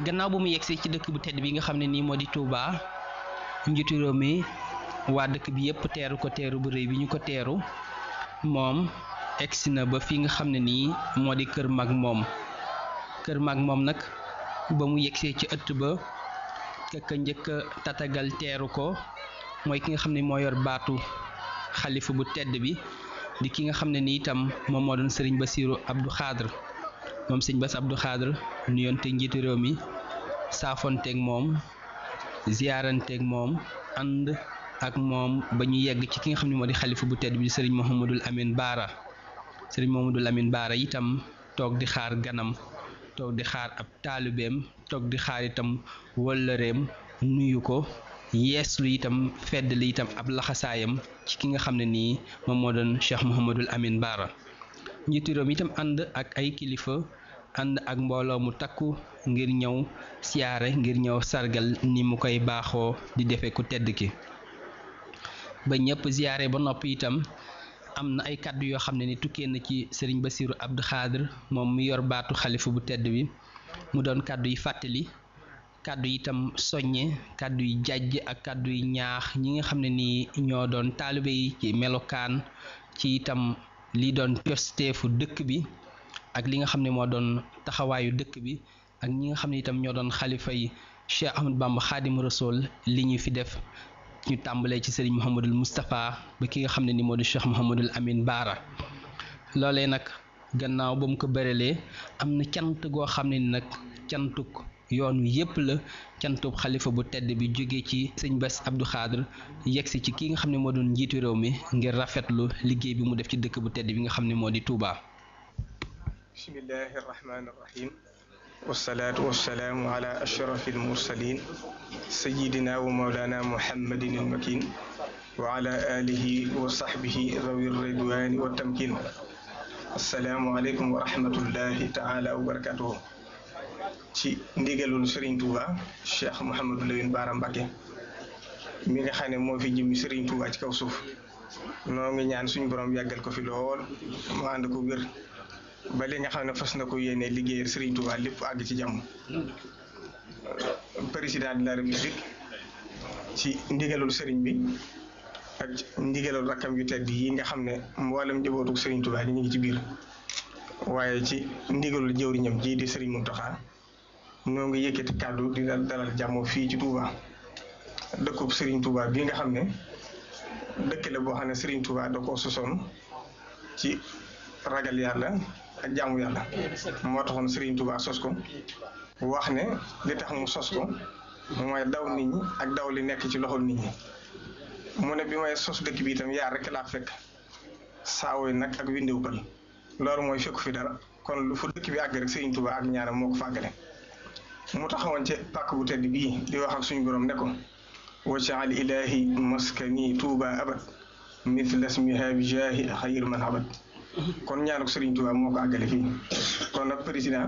gannaaw bu mu yegsee ci dëkk bu tedd bi nga xam ne nii moo di Touba njiitu mi waa dëkk bi yépp teeru ko teeru bu rëy bi ñu ko teeru moom egsi na ba fi nga xam ne nii moo di kër mag moom kër mag moom nag ba mu yegsee ci ëtt ba këkka njëkk tatagal teeru ko mooy ki nga xam ne moo yor baatu xalifa bu tedd bi di ki nga xam ne ni itam moom moo doon sëriñ ba ab Abdu Xaadir moom sëñ Bass Abdou Khadre nuyoonte njiitu réew mi saafonteeg moom ziyaaranteeg moom ànd ak moom ba ñu yegg ci ki nga xam ne moo di xalifa bu tedd bi di sëriñ Mouhamadul Amine Baara sëriñ Mouhamadul amin Baara yitam toog di xaar ganam toog di xaar ab taalibeem toog di xaar itam wëllëreem nuyu ko yeeslu itam fedd li itam ab laxasaayam ci ki nga xam ne nii moom moo doon Cheikh Mouhamadul Amine Baara njiitu réew ànd ak ay kilifa. ànd ak mbooloo mu takku ngir ñëw siyaare ngir ñëw sargal ni mu koy baaxoo di defe ku tedd ki ba ñëpp siyaare ba noppi itam am na ay kàddu yoo xam ne ni tukkee na ci sëriñ Basiiru Abdu Xaadir moom mu yor baatu xalifa bu tedd bi mu doon kàddu yi fàttali kàddu yi itam soññe kàddu yi jàjj ak kàddu yi ñaax ñi nga xam ne nii ñoo doon taalibe yi ci melokaan ci itam li doon postéefu dëkk bi ak li nga xam ne moo doon taxawaayu dëkk bi ak ñi nga xam ne itam ñoo doon xalifa yi Cheikh Ahmad Bamba Xaadimu Rasool li ñu fi def ñu tàmbalee ci sëriñ Mouhamadul Moustapha ba ki nga xam ne ni moo di Cheikh Mouhamadul Amin Baara loolee nag gannaaw ba mu ko bërelee am na cant goo xam ne ni nag cantuk yoon wi yépp la cantub xalifa bu tedd bi jóge ci sëñ Bass Abdou Khadre yegsi ci ki nga xam ne moo doon njiitu réew mi ngir rafetlu liggéey bi mu def ci dëkk bu tedd bi nga xam ne moo di Touba. بسم الله الرحمن الرحيم والصلاة والسلام على أشرف المرسلين سيدنا ومولانا محمد المكين وعلى آله وصحبه ذوي الرضوان والتمكين السلام عليكم ورحمة الله تعالى وبركاته تي نديغلو سيرين توبا الشيخ محمد بن بارام باكي ميغي خاني مو في جيمي سيرين توبا تي كاو سوف نوغي نيان سوني بروم ياغال ما عندكو وير ba li nga xam ne fas na ko yéene liggéeyal Serigne Touba lépp àgg ci jàmm président de la république ci ndigalul Serigne bi ak ndigalul rakkam yu tedd yi nga xam ne mboolem njabootu Serigne Touba ñu ci biir waaye ci ndigalul jëwriñam jii di Serigne Mountakha ñoo ngi yëkkati kàddu di dalal fii ci Touba dëkkub Serigne Touba bii nga xam ne dëkk boo xam ne sëriñ Touba da koo sosoon ci ragal yàlla. ak jaamu yàlla moo taxoon Serigne Touba sos ko wax ne li tax mu sos ko mooy daw nit ñi ak daw li nekk ci loxol nit ñi mu ne bi may sos dëkk bi itam yaar rek laa fekk saawoy nag ak windewkal loolu mooy fekku fi dara kon lu fu dëkk bi àgg rek Serigne Touba ak ñaaram moo ko fàggale mu taxawoon ci pàkk bu tedd bii di wax ak suñu borom ne ko wa wajaal ilahi maskani tuuba abad mithla smiha bijaahi xayir man abad kon ñaanu Serigne Touba moko ko fi kon nak président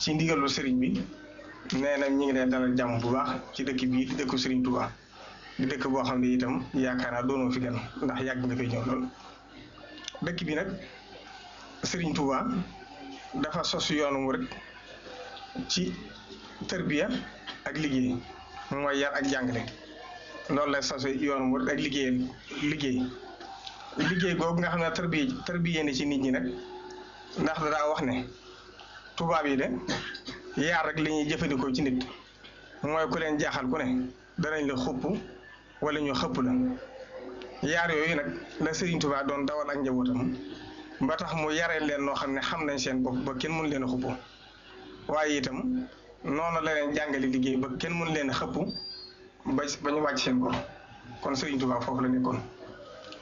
ci ndigalu Serigne bi neena ñi ngi lay dalal jàmm bu baax ci dëkk bi di dëkku Serigne Touba di dëkk bo xamni itam yaakaara doono fi gan ndax yag nga fay ñëw lool dëkk bi nak Serigne Touba dafa sosu yoonu mu rek ci terbiya ak liggéey moy yar ak jàngale loolu la sosu yoonu mu rek ak liggéeyal liggéey liggéey googu nga xam ne tarbiye tarbiye na ci nit ñi nag ndax daa wax ne tubaab yi de yaar rek lañuy jëfandikoo ci nit mooy ku leen jaaxal ku ne danañ la xupp wala ñu xëpp la yaar yooyu nag la Serigne Touba doon dawal ak njabootam ba tax mu yaree leen noo xam ne xam nañ seen bopp ba kenn mun leen a xupp waaye itam noonu la leen jàngale liggéey ba kenn mun leen a xëpp ba ba ñu wàcc seen bopp kon Serigne Touba foofu la nekkoon.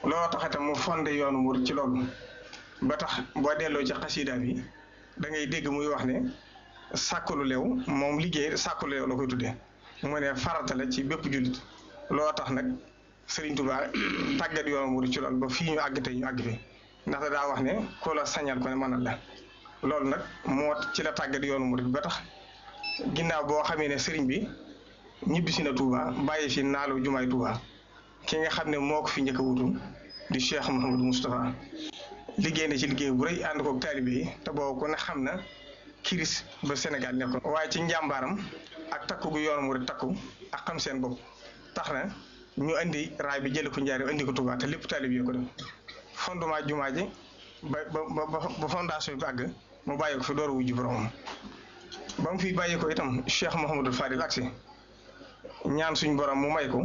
loo taxate mu fonde yoonu murid ci loolu ba tax boo delloo ci xasida bi da ngay dégg muy wax ne sàkkalu leew moom liggéey sàkkalu leew la koy tuddee mu ne farata la ci bépp jullit loo tax nag Sëriñ Tuubaa tàggat yoonu murid ci loolu ba fii ñu àgg ñu àgg ndax daa wax ne ku la ko ne mënal la loolu nag moo ci la tàggat yoonu murid ba tax ginnaaw boo xamee ne sëriñ bi ñibbisi na Touba bàyyi fi naalu jumaay Touba ki nga xam ne moo ko fi njëkk wutu di Cheikh Mouhamadou Moustapha liggéey na ci liggéey bu rëy ànd koog taalibe te boobu ko na xam na kiris ba Sénégal nekkoon. waaye ci njàmbaaram ak takku gu yoonam mu a takku ak xam seen bopp tax na ñu indi raay bi jëlee ko Njaaréem indi ko Touba te lépp taalibe yi ko de fondement ji ba ba ba fondation àgg mu bàyyi ko fi door a wujj boromam ba fi bàyyi ko itam Cheikh Mouhamadou Fadil agsi ñaan suñ borom mu may ko.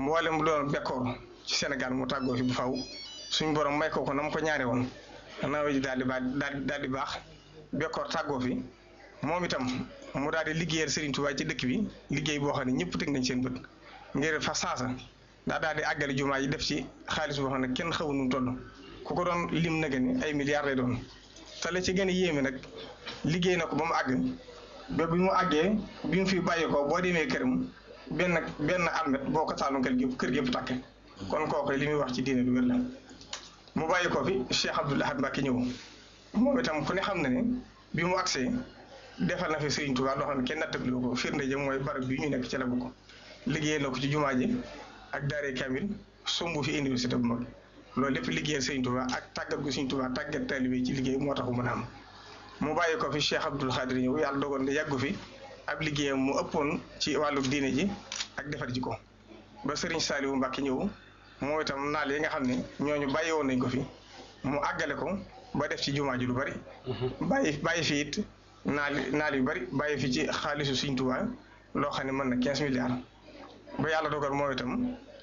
mboolem bu doon bekkoor ci senegal mu tàggoo fi bu faw suñ borom may ko na mu ko ñaare woon nawet ji daal di baax daal di baax bekkoor tàggoo fi moom itam mu daal di liggéeyal Serigne Touba ci dëkk bi liggéey boo xam ne ñëpp teg nañ seen bët ngir fa saasa daa daal di àggali jumaa yi def ci xaalis boo xam ne kenn xawu nu toll ku ko doon lim na ni ay milliards lay doon te la ci gën a yéeme nag liggéey na ko ba mu àgg ba bi mu àggee bi mu fi bàyyi ko boo demee benn benn almet boo ko taaloon kër gi kër gi tàkk kon kooku li muy wax ci diine lu wér la mu bàyyi ko fi Cheikh Abdoul Ahad Mbacké ñëw moom itam ku ne xam ne ne bi mu agsee defal na fi Serigne Touba loo xam ne kenn nattabli ko firnde jëm mooy barab bi ñu nekk ci ko liggéey na ko ci jumaa ji ak daaree Kamil sombu fi université bu mag loolu lépp liggéeyal Serigne Touba ak tàggat gu Serigne Touba tàggat taalibe ci liggéey moo tax mu mën a am mu bàyyi ko fi Cheikh Abdoul Khadir ñëw yàlla dogal na yàggu fi ab liggéeyam mu ëppoon ci wàllu diine ji ak defar ji ko ba Serigne Saliou mbakki ñëw moo itam naal yi nga xam ne ñooñu bàyyi woon nañ ko fi mu àggale ko ba def ci jumaa lu bari. Mhm. bàyyi bàyyi fi it naal naal yu bari bàyyi fi ci xaalisu Sëriñ Tuubaa loo xam ne mën na 15 milliards ba yàlla dogal moo itam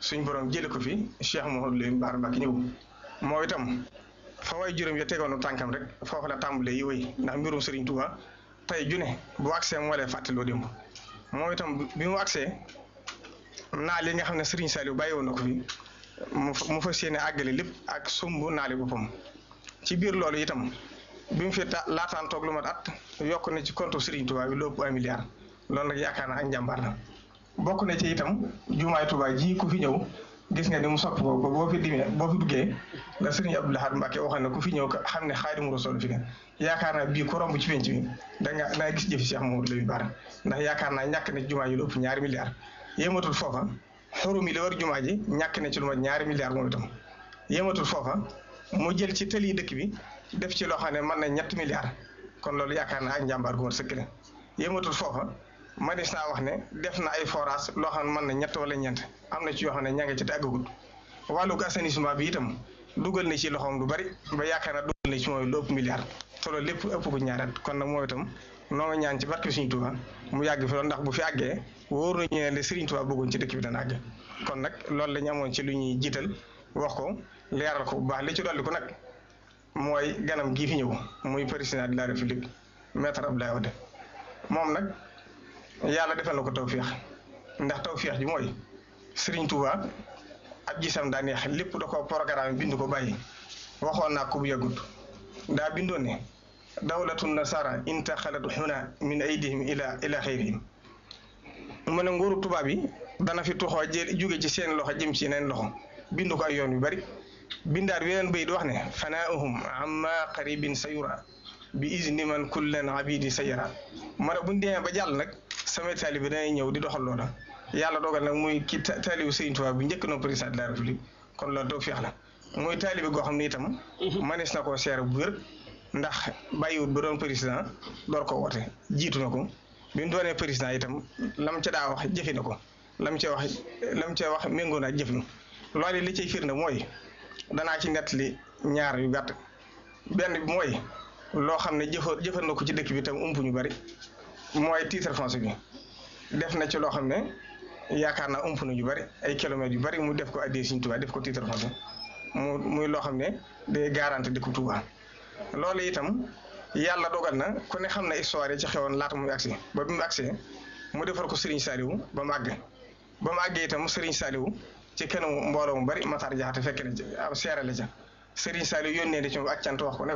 suñ borom jëlee ko fi Cheikh Mouhamadou Lamine Bara Mbacke ñëw moo itam fa way juróom ya tegoonu tànkam rek foofu la tàmbalee yi wéy ndax mbirum Serigne tey june bu agsee moo lay fàttaloo démb moom itam bi mu agsee naal yi nga xam ne Serigne Saliou bàyyi woon na ko fi mu fas yéene àggale lépp ak sumb naali boppam ci biir loolu itam bi mu fi laataan toog lu mat at yokk na ci compte Serigne Touba bi lépp un milliard loolu nag yaakaar naa ak njàmbaar la bokk na ci itam jumaay Touba ji ku fi ñëw gis nga ni mu soppi ko boo fi dimee boo fi duggee la sëriñ Abdou Lahad Mbacke waxoon ne ku fi ñëw xam ne Xaadimu Rasuul soo ne yaakaar naa bii ko romb ci penc mi danga gis jëfi Cheikh Mamadou Lamine Bara ndax yaakaar naa ñàkk na jumaa ji lu ëpp ñaari milliards yéematul foofa xurum yi li war jumaa ji ñàkk na ci lu mat ñaari milliards moom itam yéematul foofa mu jël ci tëli dëkk bi def ci loo xam ne man na ñetti milliards kon loolu yaakaar naa ak njàmbaar gu ma sëkk yéematul foofa manis naa wax ne def na ay forage loo xam ne mën na ñett wala ñeent am na ci yoo xam ne ña nga ci te àggagut wàllug assainissement bi itam dugal na ci loxoom lu bari ba yaakaar na dugal na ci mooy lu ëpp milliard te loolu lépp ko ñaareel kon itam noo nga ñaan ci barke Sëriñ Tuubaa mu yàgg fi loolu ndax bu fi àggee wóor nañu ne li Sëriñ Tuubaa ci dëkk bi dana àgg kon nag loolu la amoon ci lu ñuy jiital wax ko leeral ko bu baax li ci dolli ko nag mooy ganam gi fi ñëw muy président de la république maître Abdoulaye de moom nag yàlla defal na ko tawféex ndax tawféex ji mooy Serigne Touba ak gisam daa neex lépp da ko programme bind ko bàyyi waxoon naa ko bu yàggut bindoon ne dawlatu nasara intaxalat xuna min aydihim ila ila xayrihim mu ne nguuru tubaab yi dana fi tuxoo jël jóge ci seen loxo jëm ci neen loxo bind ko ay yoon yu bari bindaar weneen bayit wax ne fanaahum amma qaribin sayura bi izni man kullan abidi sayara mara buñ demee ba jàll nag samay taalibe danañ ñëw di doxal loola yàlla dogal nag muy ki taalibe Serigne Touba bi njëkk na président de la république kon loolu doo feex la muy taalibe goo xam ne itam. Mhm. manees na koo seere bu wér ndax bàyyiwut ba doon président door ko woote jiitu na ko bi mu doonee président itam lam ci daa wax jëfe na ko lam ca wax lam ca wax méngoo naa jëf na loolu li cay firnde mooy danaa ci nettali ñaar yu gàtt benn bi mooy loo xam ne na ko ci dëkk bi tam ump ñu bari mooy titre foncier bi def na ci loo xam ne yaakaar naa ump na ñu bari ay kilomètres yu bari mu def ko addee Sëriñ Tuubaa def ko titre foncier mu muy loo xam ne day garanti dëkku Tuubaa loolu itam yàlla dogal na ku ne xam na histoire yi ci xewoon laata muy agsi ba bi mu agsee mu defar ko Serigne Saliou ba mu àgg ba mu àggee itam Serigne Saliou ci kanamu mbooloo mu bari Matar Jaxate fekk na am seere la ca Serigne Saliou ci moom ak wax ko ne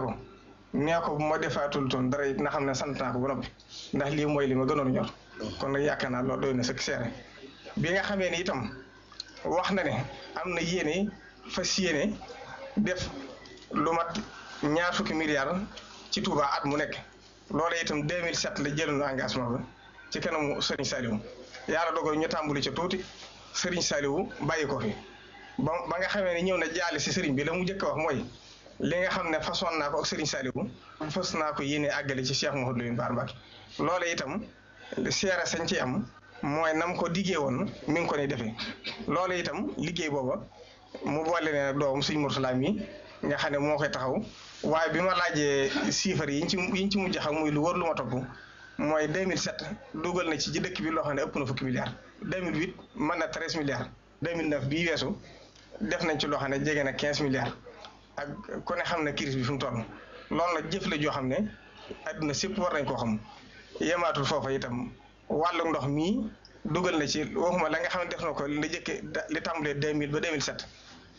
nee ko bu ma defaatul toon dara it na xam ne sant bu ko ba noppi ndax lii mooy li ma gënoon ñor kon nag yaakaar naa loolu doy na sëkk seere bi nga xamee ne itam wax na ne am na yéene fas yéene def lu mat ñaar fukki milliards ci Touba at mu nekk loolee itam 2007 la na engagement ba ci kanamu Serigne Saliou yàlla dogal ñu tàmbali ca tuuti Serigne Saliou bàyyi ko fi ba ba nga xamee ne ñëw na jaale si Serigne bi la mu njëkk a wax mooy. li nga xam ne façon naa ko ak Serigne Saliou fas naa ko yéene àggale ci Cheikh Mouhamadou Lamine Bara Mbacké loolu itam seera sañ ci am mooy nam ko liggéey woon mi ngi ko ni defee loolu itam liggéey booba mu boole ne doom suñ Mourtala mi nga xam ne moo koy taxaw waaye bi ma laajee chiffres yi ci yi ñu ci mujj xam muy lu wër lu ma topp mooy 2007 dugal na ci ci dëkk bi loo xam ne ëpp na fukki milliards 2008 mën na 13 milliards 2009 bii weesu def nañ ci loo xam ne jege na 15 milliards. ak ku xam ne crise bi fi mu toll loolu nag jëf la joo xam ne adduna sépp war nañ koo xam yemaatul foofa itam wàllu ndox mii dugal na ci waxuma la nga xam ne def na ko li jëkke li tàmbalee 2000 ba 2007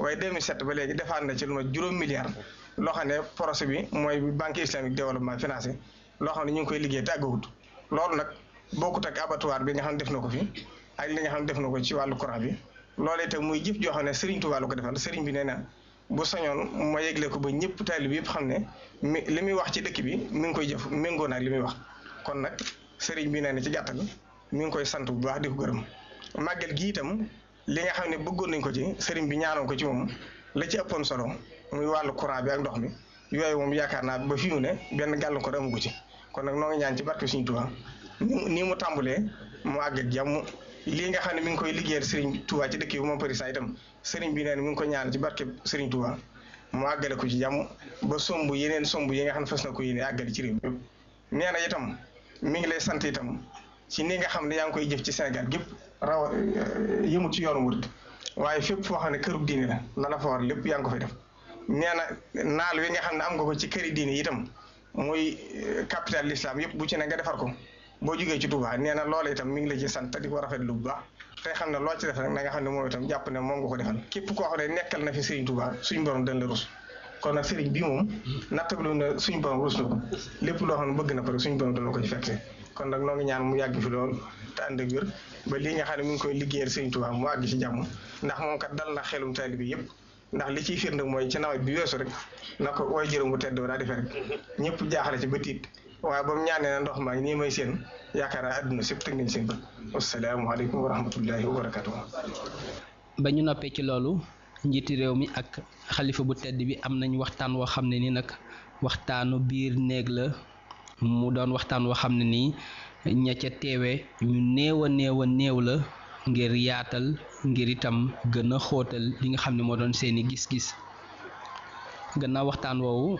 waaye 2007 ba léegi defaat na ci lu ma juróom milliard loo ne projet bi mooy banque islamique développement financier loo xam ne ñu ngi koy liggéey te àggagut loolu nag bokkut ak abattoir bi nga xam ne def na ko fi ak li nga xam ne def na ko ci wàllu courant bi loolee itam muy jëf joo xam ne Serigne Touba ko defal Serigne bi nee na bu sañoon ma yegle ko ba ñëpp bi yëpp xam ne li muy wax ci dëkk bi mi ngi koy jëf méngoo naag li muy wax kon nag sëriñ bi nee na ci gàttal mi ngi koy sant bu baax di ko gërëm màggal gi itam li nga xam ne bëggoon nañ ko ci sëriñ bi ñaanoon ko ci moom la ci ëppoon solo muy wàllu courant bi ak ndox mi yooyu moom yaakaar naa ba fi mu ne benn gàllankoor amu ko ci kon nag noo ngi ñaan ci barke suñu Tuubaa ni mu tàmbalee mu àgg ak jàmm lii nga xam ne mi ngi koy liggéeyal Serigne Touba ci dëkk bi moom Parisa itam Serigne bi nee na mi ngi ko ñaan ci barke Serigne Touba mu àggale ko ci jam ba somb yeneen somb yi nga xam ne fas na ko àggale ci réew nee na itam mi ngi lay sant itam ci ni nga xam yaa ngi koy jëf ci Sénégal gépp raw euh, yëmu ci yoonu wut waaye fépp foo xam ne këru diine la la la fa war lépp yaa ngi ko fay def nee na naal wi nga xam ne am nga ko ci këri diine itam mooy euh, capital l'islam yëpp bu ci ne nga defar ko. boo jugee ci Touba nee na loola itam mi ngi la ci sant di ko rafetlu bu baax te xam ne loo ci def rek na nga ne moom itam jàpp ne moom nga ko defal képp koo xam ne nekkal na fi Serigne Touba suñu borom dañ la kon nag Serigne bi moom nattablu na suñu borom rus na lépp loo xam ne bëgg na ko rek suñu borom dana ko ci fekk kon nag noo ngi ñaan mu yàgg fi lool te ànd ak wér ba lii nga xam ne mu ngi koy liggéeyal Serigne Touba àgg ci jàmm ndax moom kat dal na xelum taalibe bi yëpp ndax li ciy firnde mooy ci nawet bi weesu rek na ko way jërëm bu tedd daa defee rek ñëpp jaaxale ci ba tiit waaye ba mu ñaanee na ya, ndox maa ngi nii may seen yaakaar naa àdduna sépp teg nañ seen bët wasalaamaaleykum wa rahmatullahi wa barakatuh ba ñu noppee ci loolu njiiti réew mi ak xalifa bu tedd bi am nañ waxtaan woo xam ne ni nag waxtaanu biir néeg la mu doon waxtaan woo xam ne nii ña ca teewee ñu néew a néew a néew la ngir yaatal ngir itam gën a xóotal li nga xam ne moo doon seeni gis-gis gannaaw waxtaan woowu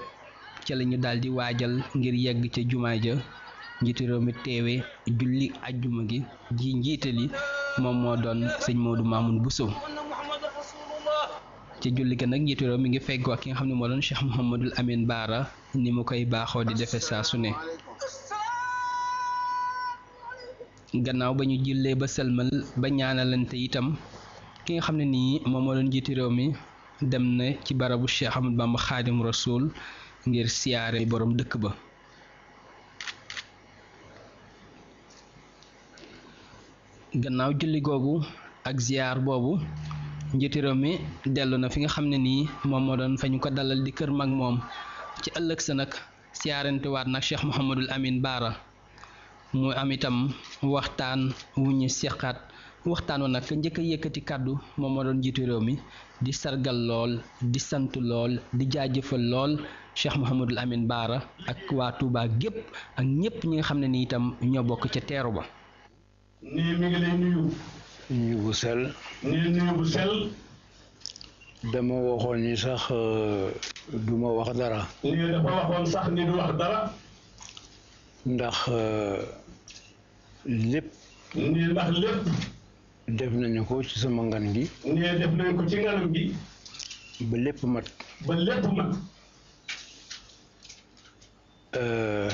ca la ñu daal di waajal ngir yegg ca jumaa ja njiitu réew mi teewe julli ajjuma gi ji njiitali moom moo doon sëñ Modou bu sëw ci julli ga nag njiitu mi ngi feggoo ak ki nga xam ne moo doon Cheikh Mouhamadul Amin Baara ni mu koy baaxoo di defe saa su ne gannaaw ba ñu jullee ba sëlmal ba ñaanalante itam ki nga xam ne nii moom moo doon njiitu réew mi dem na ci barabu Cheikh Ahmadou Bamba Xaadim Rasoul ngir siare borom dëkk ba gannaaw julli googu ak ziar boobu njiiti réew mi dellu na fi nga xam ne nii moom moo doon fañu ko dalal di kër mag moom ci ëllëg sa nag waat nag cheikh mohamadul amin bara mu am itam waxtaan wu ñu seqaat waxtaan wa nag njëkk a yëkkati kàddu moom moo doon njiitu réew mi di sargal lool di sant lool di jaajëfal lool cheikh mohamoudou amin bara ak wa touba gep ak ñepp ñi nga xamne ni itam ño bok ci teeru ba ni mi ngi lay nuyu ñu bu sel ni nuyu bu sel dama waxon ni sax euh, duma wax dara ni dafa waxon sax ni du wax dara ndax euh, lepp ni ndax lepp def nañu ko ci sama ngan gi ni def nañu ko ci nganam gi ba lepp mat ba lepp mat Euh,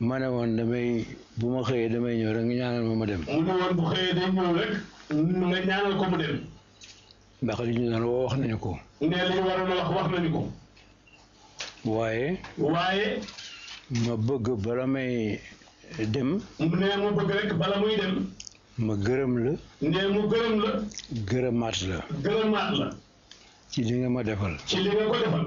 ma ne woon damay bu ma xëyee damay ñëw rek nga ñaanal ma ma dem. mu woon bu xëyee day ñëw rek nga ñaanal ko mu dem. ndax li ñu doon wax nañu ko. ne li ñu waroon wax wax nañu ko. waaye. ma bëgg bala may dem. mu ne ma bëgg rek bala muy dem. ma gërëm la. ne mu gërëm la. gërëmaat la. la. ci li nga ma defal. ci li nga ko defal.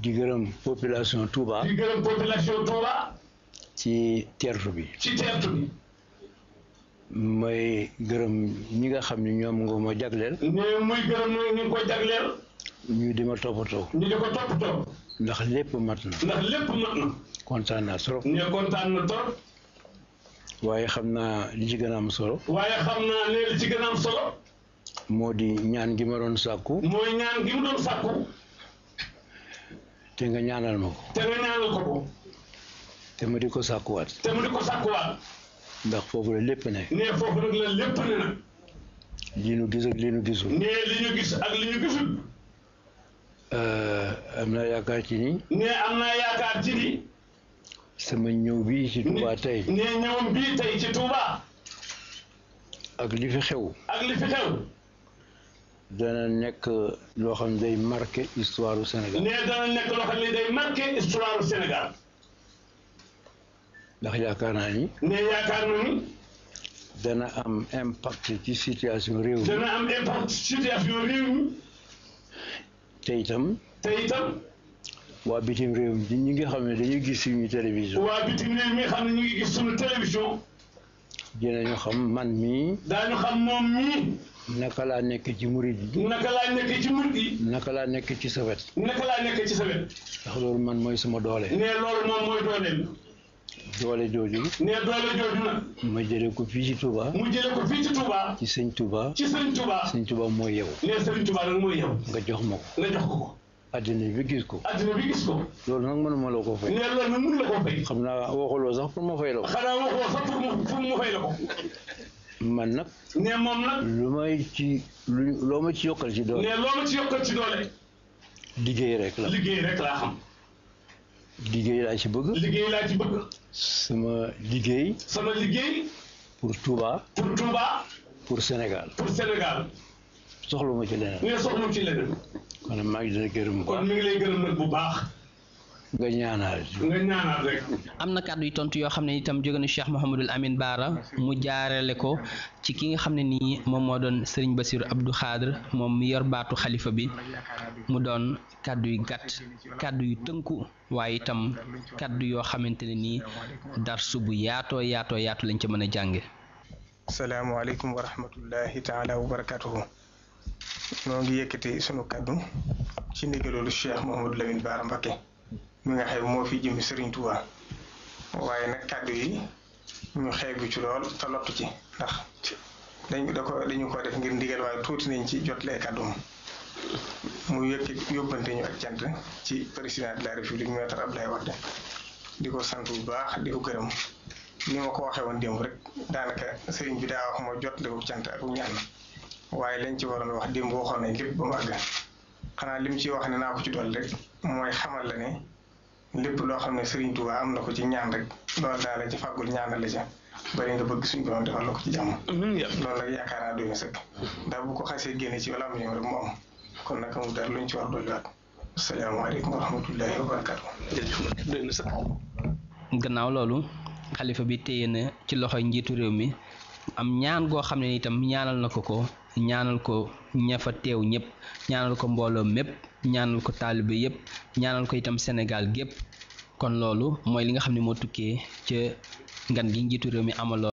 di gërëm population Touba. di gërëm population Touba. ci teertu bi. ci teertu bi. may gërëm ñi nga xamni ñom nga mo jaglél ne muy gërëm ñu ñi ko jaglél ñu di ma toppatoo. ñu di ko toppatoo. ndax lepp matna ndax lepp matna contane na. kontaan naa trop. ne kontaan na trop. waye xamna li ci gëna am solo. waye xamna li ci gëna am solo. modi di ñaan gi ma doon sakku moy ñaan gi mu doon sakku te nga ñaanal ma ko. te nga ñaanal ko ko. te mu di ko sàkkuwaat. te mu di ko sàkkuwaat. ndax foofu la lépp ne. nee foofu la lépp ne nag. lii nu gis ak lii nu gisul. nee li ñu gis ak li ñu gisul. Euh, am naa yaakaar ci ni. sama ñëw bii ci Touba tey. nee ñëwam bii tey ci Touba. ak li xew. ak li xew. dana nekk loo xam ne day marqué histoire du Sénégal. nee dana nekk loo xam ne day marqué histoire du Sénégal. ndax yaakaar naa ni. nee yaakaar naa ni. dana am impact ci situation réew mi. dana am impact ci situation réew mi. te itam. te itam. waa bitim réew mi ñi nga xam ne dañuy gis suñu télévision. waa bitim réew mi nga xam ne ñu ngi gis suñu télévision. dinañu xam man mii. daañu xam moom mii. naka laa nekk ci murid yi. laa nekk ci murid yi. nekk laa nekk ci sa wet. loolu man mooy sama doole. ne loolu moom mooy dooleel. doole doole jooju ko fii ci Touba. mu jëlee ko fii ci Touba. ci sëñ Touba. mooy yow. nga jox ma ko. nga ko ko. addina gis ko. addina bi gis ko. loolu nag mënuma fay. la ko xam naa waxuloo sax pour ma fay la ko. xanaa waxuloo sax pour ma fay la ko. man nag. ne moom lu may ci lu loo ma ci yokkal ci doole. ne loo ci liggéey rek laa xam. liggéey laa ci bëgg. liggéey sama liggéey. sama liggéey. pour Touba. pour Touba. pour Sénégal. soxla ma ci leneen. ne soxla ma ci leneen. kon maa ngi dina gërëm baax. nga ñaanal am na kàddu yu tontu yoo xam ne itam jóge na Cheikh Mouhamadul Amin Baara mu jaarale ko ci ki nga xam ne nii moom moo doon Serigne Bassirou Abdou Khadre moom mi yor baatu xalifa bi mu doon kàddu yu gàtt kàddu yu tënku waaye itam kàddu yoo xamante ne nii darsu bu yaatoo yaatoo yaatu lañ ca mën a jànge. salaamaaleykum wa rahmatullahi taala wa mi nga xam moo fi jëm Serigne Touba waaye nag kàddu yi ñu xeebu ci lool te lottu ci ndax dañ da ko dañu ko def ngir ndigal waaye tuuti nañ ci jot lee kàddu mu yëkki yóbbante ñu ak cant ci président de la république maître lay Wade di ko sant bu baax di ko gërëm ni ma ko waxee woon démb rek daanaka sëriñ bi daa wax moo jot lee ko cant ak ñaan waaye lañ ci waroon wax démb waxoon nañ lépp ba mu àgg xanaa lim ci wax ne naa ko ci dolli rek mooy xamal lépp loo xam ne Serigne Touba am na ko ci ñaan rek loolu daal la ci fàggul ñaanal la ca bari nga bëgg suñu borom defal la ko ci jàmm. loolu nag yaakaar doy na sëkk. ndax bu ko xasee génne ci wala am bi téye ci loxoy njiitu réew mi am ñaan goo xam ne itam ñaanal na ko ko ñaanal ko. ña fa teew ñëpp ñaanal ko mbooloo mépp ñaanal ko taalibe yëpp ñaanal ko itam Sénégal gépp kon loolu mooy li nga xam ni moo tukkee ca ngan gi njiitu réew mi amaloon